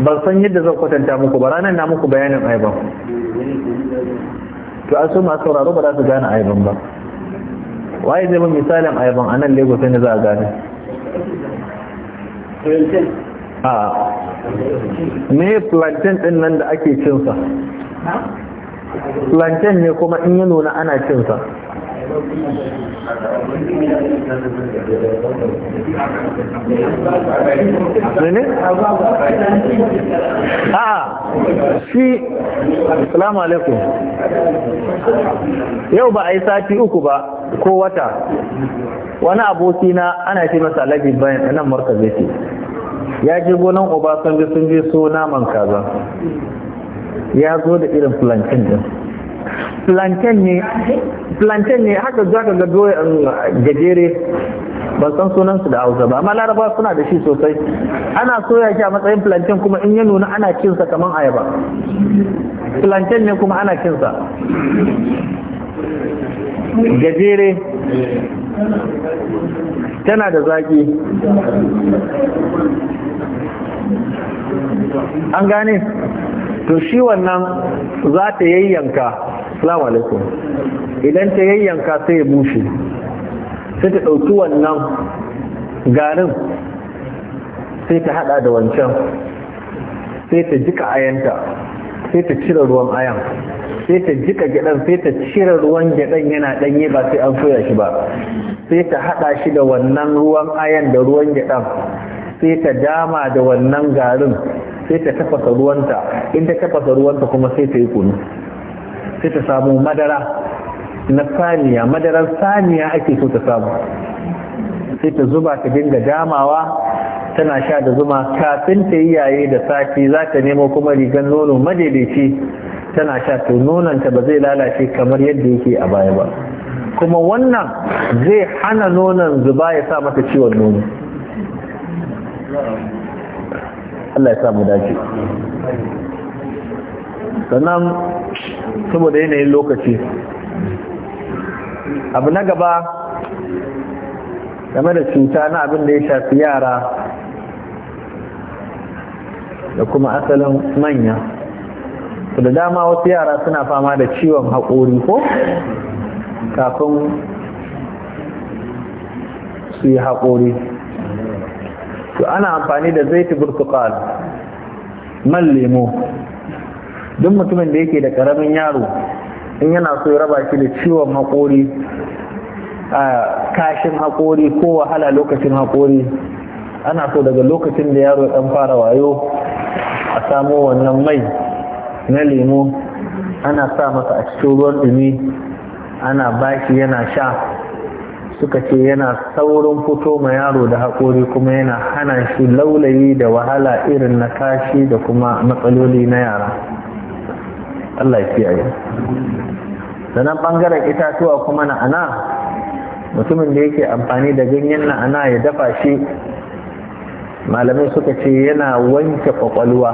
ban san yadda zan kwatanta muku ba ranar na muku bayanin ayaban to an su masu sauraro ba za su gane ayaban ba waye zai ba misalin ayaban a nan lagos ne za a gane a me plantain din nan da ake cinsa plantain ne kuma in ya nuna ana cinsa alaikum. Yau ba a yi sati uku ba ko wata, wani abokina ana ce masa alabi bayan nan markazi ce. Ya je gonan Obasanjo sun je so naman kaza. Ya zo da irin plantain ɗin. plantain ne plantain ne haka za ka ga um, gajere ban san sunan da hausa ba amma laraba suna da shi sosai ana soya shi a matsayin plantain kuma in ya nuna ana kinsa kamar ayaba plantain ne kuma ana kinsa gajere tana da zaki an gane to shi wannan za ta yayyanka salamu alaikum idan ta yayyanka sai ya bushe sai ta ɗauki wannan garin sai ta haɗa da wancan sai ta jika ayanta sai ta cire ruwan ayan sai ta jika gyaɗan sai ta cire ruwan gyaɗan yana ɗanye ba sai an soya shi ba sai ta haɗa shi da wannan ruwan ayan da ruwan gyaɗan sai ta dama da wannan garin sai ta tafasa ruwanta in ta tafasa ruwanta kuma sai ta yi kunu sai ta samu madara na saniya madarar saniya ake so ta samu sai ta zuba ta dinga damawa tana sha da zuma kafin ta yi yaye da sati za ta nemo kuma rigar nono madaidaici tana sha to nononta ba zai lalace kamar yadda yake a baya ba kuma wannan zai hana nonon zuba ya sa mata ciwon nono Allah ya samu dace sannan saboda yanayin lokaci abu na gaba game da cuta na abin da ya shafi yara da kuma asalin manya da dama wasu yara suna fama da ciwon haƙori ko kafin su yi haƙori to ana amfani da zaitun burtukal man lemo duk mutumin da yake da karamin yaro in yana so ya raba shi da ciwon haƙori a kashin haƙori ko wahala lokacin haƙori ana so daga lokacin da yaro ɗan fara wayo a samo wannan mai na lemo ana sa masa a cikin ruwan ɗumi ana bashi yana sha suka ce yana saurin fito ma yaro da haƙori kuma yana hana shi laulayi da wahala irin na kashi da kuma matsaloli na yara Allah ya kiyaye sannan bangaren itatuwa kuma na ana mutumin da yake amfani da ganyen na ana ya dafa shi malamai suka ce yana wanke kwakwalwa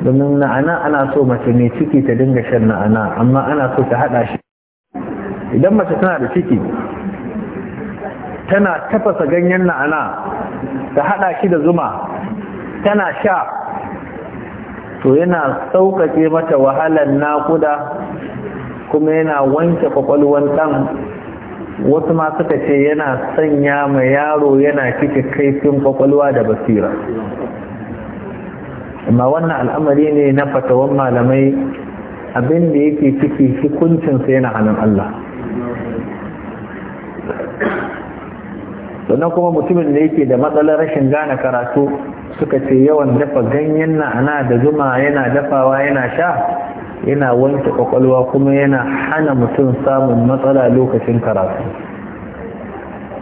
domin na'ana ana so mace mai ciki ta dinga shan na'ana amma ana so ta hada shi idan mace tana da ciki tana tafasa ganyen na'ana ta haɗa shi da zuma tana sha to yana sauƙaƙe mata wahalar naƙuda kuma yana wanke kwakwalwan ɗan wasu ma suka ce yana sanya ma yaro yana cike kaifin kwakwalwa da basira amma wannan al'amari ne na fatawan malamai abin da yake ciki hukuncinsa yana hannun Allah sannan kuma mutumin da yake da matsalar rashin gane karatu suka ce yawan dafa ganyen na ana da zuma yana dafawa yana sha yana wanke kwakwalwa kuma yana hana mutum samun matsala lokacin karatu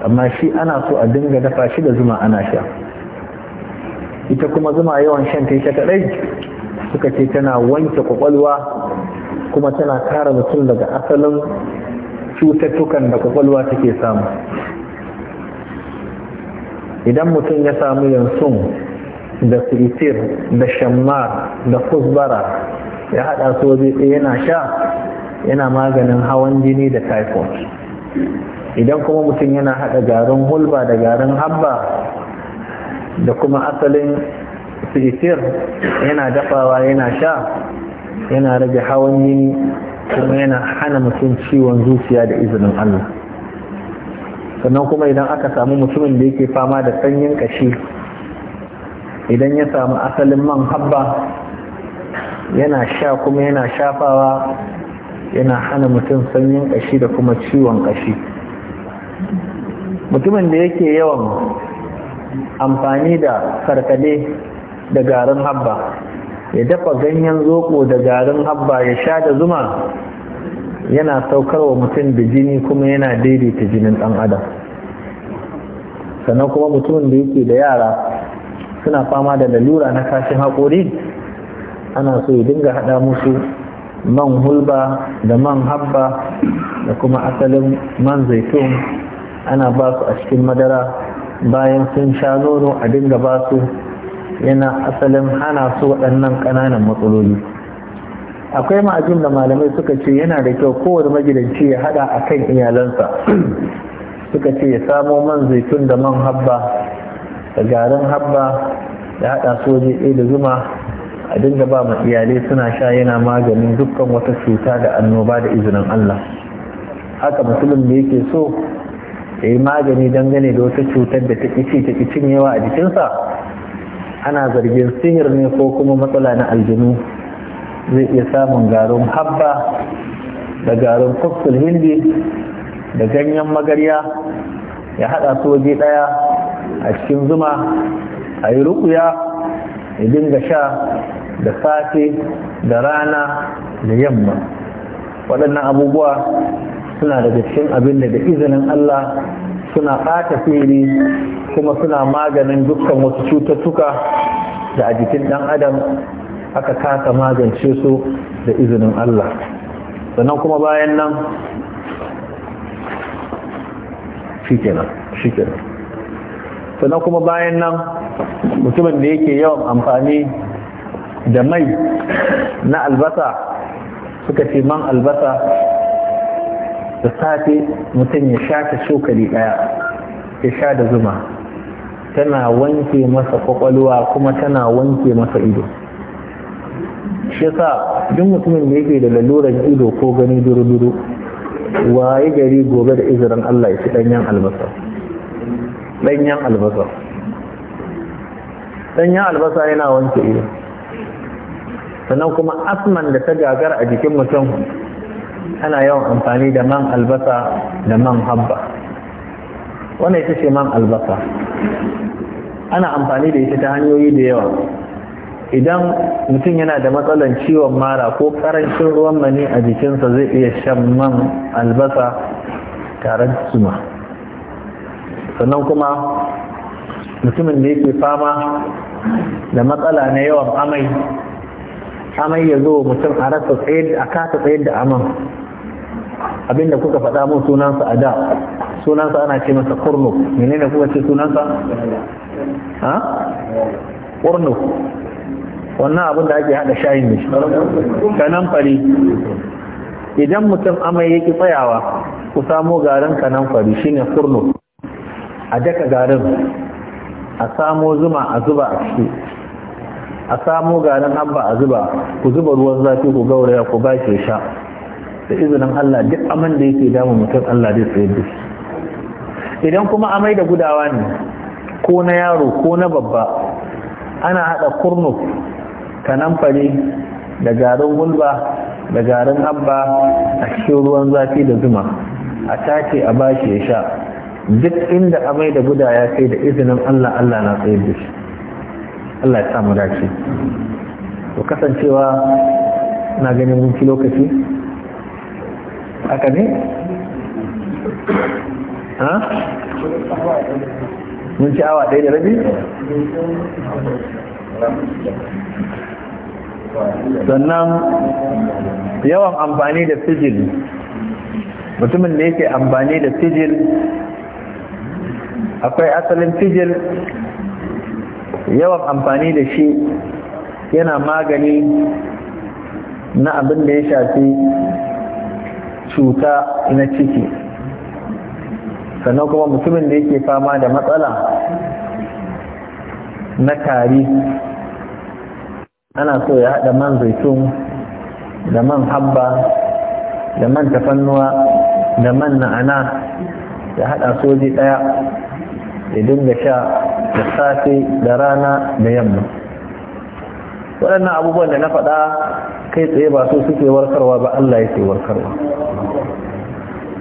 amma shi ana so a dinga dafa shi da zuma ana sha ita kuma zuma yawan shan ta ita kadai suka ce tana wanke kwakwalwa kuma tana kara mutum daga asalin cututtukan da kwakwalwa take samu idan mutum ya samu yansu da sitir da shammar da kusbara ya hada su waje yana sha yana maganin hawan jini da typhoid idan kuma mutum yana hada garin hulba da garin habba da kuma asalin sitir yana dafawa yana sha yana rage hawan jini kuma yana hana mutum ciwon zuciya da izinin Allah sannan kuma idan aka samu mutumin da yake fama da sanyin kashi idan ya samu asalin man habba yana sha kuma yana shafawa yana hana mutum sanyin kashi da kuma ciwon kashi mutumin da yake yawan amfani da karkade da garin habba ya dafa ganyen zoko da garin habba ya sha da zuma yana saukar wa mutum da jini kuma yana daidaita jinin dan adam sannan kuma mutumin da yake da yara suna fama da lalura na kashin haƙori ana so ya dinga haɗa musu man hulba da man habba da kuma asalin man zaitun ana ba su a cikin madara bayan sun sha nono a dinga ba su yana asalin hana su waɗannan ƙananan matsaloli akwai ma'ajin da malamai suka ce yana da kyau kowane magidanci ya haɗa a kan iyalansa suka ce ya samo man zaitun da man habba da garin habba da haɗa soje ɗaya da zuma a dinga ba ma iyalai suna sha yana maganin dukkan wata cuta da annoba da izinin Allah haka musulun da yake so ya yi magani dangane da wata cutar da ta ƙici ta ƙicin yawa a jikinsa ana zargin sihir ne ko kuma matsala na aljinu zai iya samun garin habba da garin kufsul hindi da ganyen magarya ya haɗa su waje ɗaya a cikin zuma a yi rukuya a dinga sha da safe da rana da yamma waɗannan abubuwa suna daga cikin abin da da izinin Allah suna ɓata fili kuma suna maganin dukkan wasu cututtuka da a jikin ɗan adam aka kasa magance su da izinin Allah sannan kuma bayan nan shi kenan shi kenan sannan kuma bayan nan mutumin da yake yawan amfani da mai na albasa suka ce man albasa da safe mutum ya sha ta cokali ɗaya ya sha da zuma tana wanke masa kwakwalwa kuma tana wanke masa ido shi yasa duk mutumin da yake da laluran ido ko gani duru-duru waye gari gobe da izirin Allah ya ci danyen albasa ɗanyen albasa danyen albasa yana wanke ido sannan kuma asman da ta gagar a jikin mutum ana yawan amfani da man albasa da man habba wannan ita ce man albasa ana amfani da ita ta hanyoyi da yawa idan mutum yana da matsalan ciwon mara ko karancin ruwan mani a jikinsa zai iya shan man albasa tare da suma sannan kuma mutumin da yake fama da matsala na yawan amai amai ya zo mutum a rasa tsaye a kasa tsaye da aman abinda kuka faɗa mun sunansa a da sunansa ana ce masa kurnu menene kuka ce sunansa ha kurnu wannan abin da ake haɗa shayin ne kanan fari idan mutum amai yake tsayawa ku samo garin kanan fari shine kurnu a daka garin a samo zuma a zuba a ciki a samo garin abba a zuba ku zuba ruwan zafi ku gauraya ku ba ke sha da izinin Allah duk aman da yake damu mutum Allah zai tsaye da shi idan kuma amai da gudawa ne ko na yaro ko na babba ana haɗa kurnu kanamfari da garin gulba da garin abba a cikin ruwan zafi da zuma a tace a bashi ya sha duk inda amai da guda ya kai da izinin Allah Allah na tsaye da shi Allah ya samu dace to kasancewa na ganin mun lokaci haka ne ha mun ci awa ɗaya da rabi sannan yawan amfani da sijil mutumin da yake amfani da sijil akwai asalin fijil yawan amfani da shi yana magani na abin da ya shafi cuta na ciki sannan kuma mutumin da yake fama da matsala na tari ana so ya haɗa man zaitun da man habba da man tafannuwa da man na'ana ya haɗa soji ɗaya ya dinga sha da safe da rana da yamma waɗannan abubuwan da na faɗa kai tsaye ba su suke warkarwa ba Allah yake warkarwa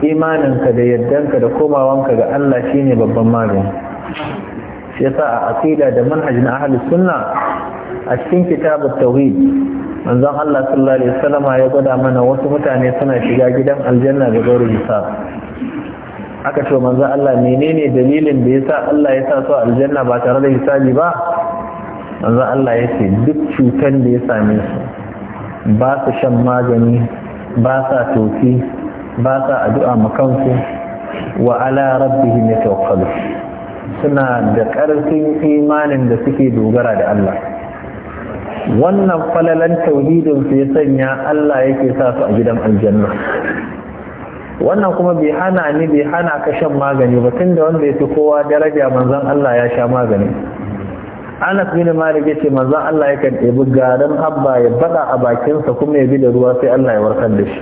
imaninka da yardanka da komawanka ga Allah shine babban magani shi yasa a aqida da manhaj na ahlus sunna a cikin kitabut tauhid manzon Allah sallallahu alaihi wasallam ya gwada mana wasu mutane suna shiga gidan aljanna da gauri hisab aka ce manzo Allah menene dalilin da yasa Allah ya sa su aljanna ba tare da hisabi ba manzo Allah ya ce duk cutan da ya same su ba su shan magani ba sa toki ba sa addu'a makansu wa ala rabbihim yatawakkalu suna da ƙarfin imanin da suke dogara da Allah wannan falalan tauhidin su ya sanya Allah yake sa su a gidan aljanna wannan kuma bai hana ni bai hana ka shan magani ba tunda wanda ya fi kowa daraja manzon Allah ya sha magani Anas bin Malik yace manzon Allah yakan ɗebi garin habba ya bada a bakinsa kuma ya bi da ruwa sai Allah ya warkar da shi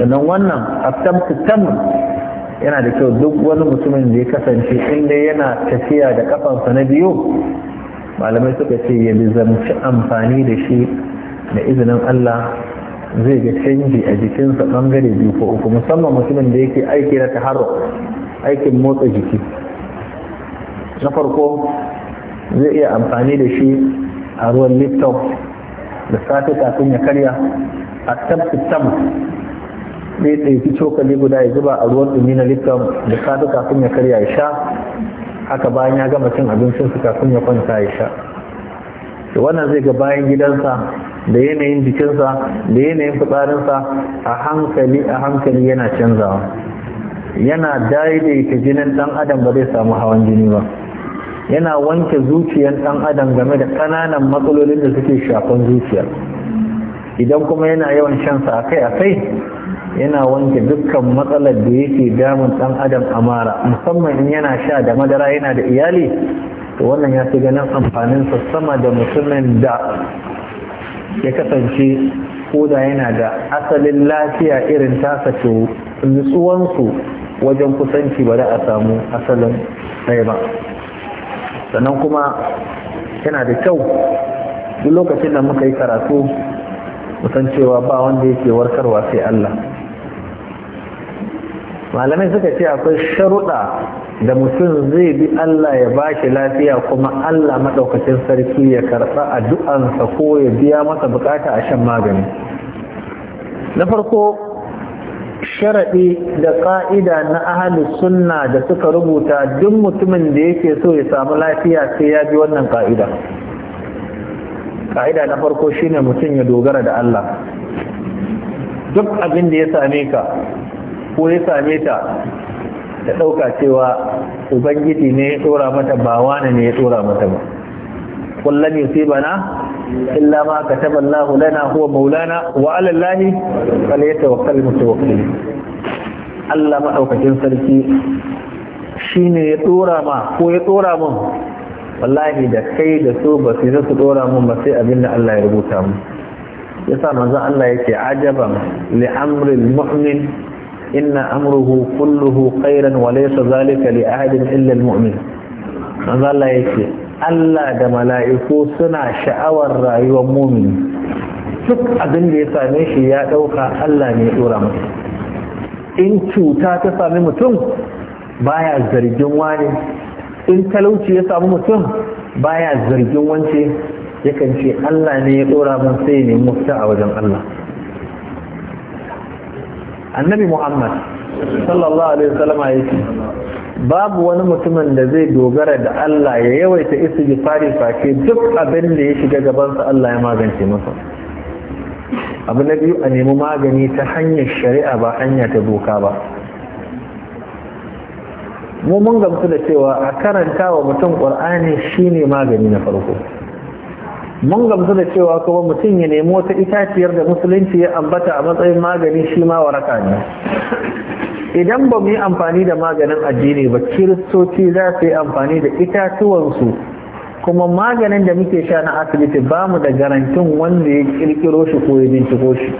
sannan wannan aftam tam yana da kyau duk wani mutumin da ya kasance inda yana tafiya da kafansa na biyu malamai suka ce ya bi zamci amfani da shi da izinin Allah zai ga canji a jikinsa bangare biyu ko uku musamman mutumin da yake aiki na taharro aikin motsa jiki na farko zai iya amfani da shi a ruwan liftoff da safe kafin ya karya a tabbatam zai ɗauki cokali guda ya zuba a ruwan ɗumi na liftoff da safe kafin ya karya ya sha haka bayan ya gama cin abincinsu kafin ya kwanta ya sha da wannan zai ga bayan gidansa da yanayin jikinsa da yanayin fitsarinsa a hankali a hankali yana canzawa yana daidaita jinin dan adam ba zai samu hawan jini ba yana wanke zuciyar dan adam game da ƙananan matsalolin da suke shafan zuciya idan kuma yana yawan shansa akai-akai yana wanke dukkan matsalar da yake damun dan adam a mara musamman in yana sha da madara yana da iyali to wannan ya fi ganin amfaninsa sama da mutumin da ya kasance ko da yana da asalin lafiya irin tasa to nutsuwansu wajen kusanci ba da a samu asalin ɗaya ba sannan kuma yana da kyau duk lokacin da muka yi karatu musan cewa ba wanda yake warkarwa sai Allah malamai suka ce akwai sharuɗa da mutum zai bi Allah ya ba shi lafiya kuma Allah maɗaukacin sarki ya karɓa addu'ansa ko ya biya masa bukata a shan magani na farko sharaɗi da ƙa'ida na ahalus sunna da suka rubuta duk mutumin da yake so ya samu lafiya sai ya bi wannan ƙa'ida ƙa'ida na farko shine mutum ya dogara da Allah duk abin da ya same ka ko ya same ta da ɗauka cewa ubangiji ne ya tsora mata ba wani ne ya tsora mata ba kullum bana illa ma kataba Allahu lana huwa maulana wa ala Allahi falyatawakkal Allah madaukakin sarki shine ya tsora ma ko ya tsora mun wallahi da kai da su ba su su ɗora mun ba sai abin da Allah ya rubuta mu yasa manzon Allah yake ajaban li amril mu'min إن أمره كله خيرا وليس ذلك لأحد إلا المؤمن ماذا الله يكي Allah da mala'iku suna sha'awar rayuwar mumini duk abin da ya same shi ya ɗauka Allah ne ya ɗora masa in cuta ta sami mutum baya zargin wani in talauci ya sami mutum baya zargin wance yakan ce Allah ne ya dora mun sai ne mufta a wajen Allah annabi muhammad sallallahu alaihi wasallama ya ce babu wani mutumin da zai dogara da Allah ya yawaita fari fake duk abin da ya shiga gabansa Allah ya magance masa abu na biyu a nemi magani ta hanyar shari'a ba hanya ta doka ba mu mun gamsu da cewa a karanta wa mutum ƙur'ani shine magani na farko mun gamsu da cewa kuma mutum ya nemi wata itaciyar da musulunci ya ambata a matsayin magani shi ma waraka ne idan ba mu yi amfani da maganin addini ba kiristoci za su yi amfani da itatuwansu kuma maganin da muke sha na asibiti ba mu da garantin wanda ya kirkiro shi ko ya binciko shi